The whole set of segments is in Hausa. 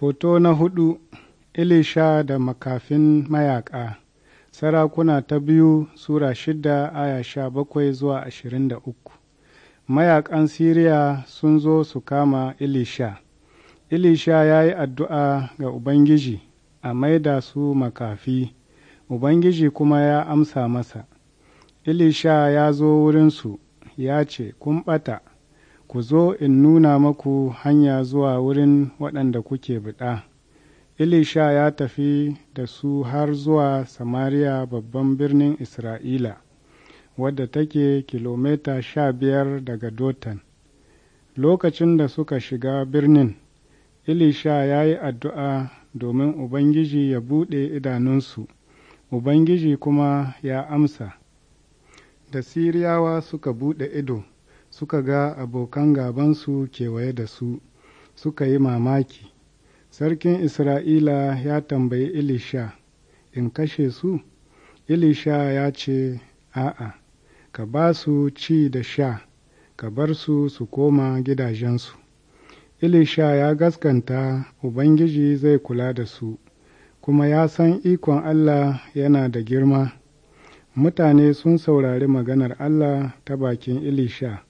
Hoto na hudu Ilisha da makafin mayaƙa Sarakuna ta biyu Sura shida aya sha bakwai zuwa ashirin da uku Mayaƙan Siriya sun zo su kama Ilisha. Ilisha ya yi addu'a ga Ubangiji a maida su makafi, Ubangiji kuma ya amsa masa. Ilisha ya zo wurinsu ya ce, Kun ɓata. ku zo in nuna maku hanya zuwa wurin waɗanda kuke buɗa. Ilisha ya tafi da su har zuwa Samariya babban birnin Isra'ila, wadda take kilomita sha biyar daga Dotan. Lokacin da suka shiga birnin, Ilisha ya yi addu'a domin Ubangiji ya buɗe idanunsu, Ubangiji kuma ya amsa. Da Siriyawa suka buɗe ido. suka ga abokan gabansu kewaye da su suka yi mamaki sarkin isra'ila ya tambayi ilisha in kashe su ilisha ya ce a'a ka ba su ci da sha ka bar su su koma gidajensu ilisha ya gaskanta ubangiji zai kula da su kuma ya san ikon allah yana da girma mutane sun saurari maganar allah ta bakin ilisha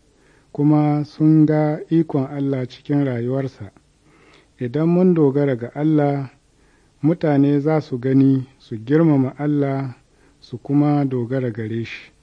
kuma sun ga ikon Allah cikin rayuwarsa. Idan mun dogara ga Allah, mutane za su gani su girmama Allah su kuma dogara gare shi.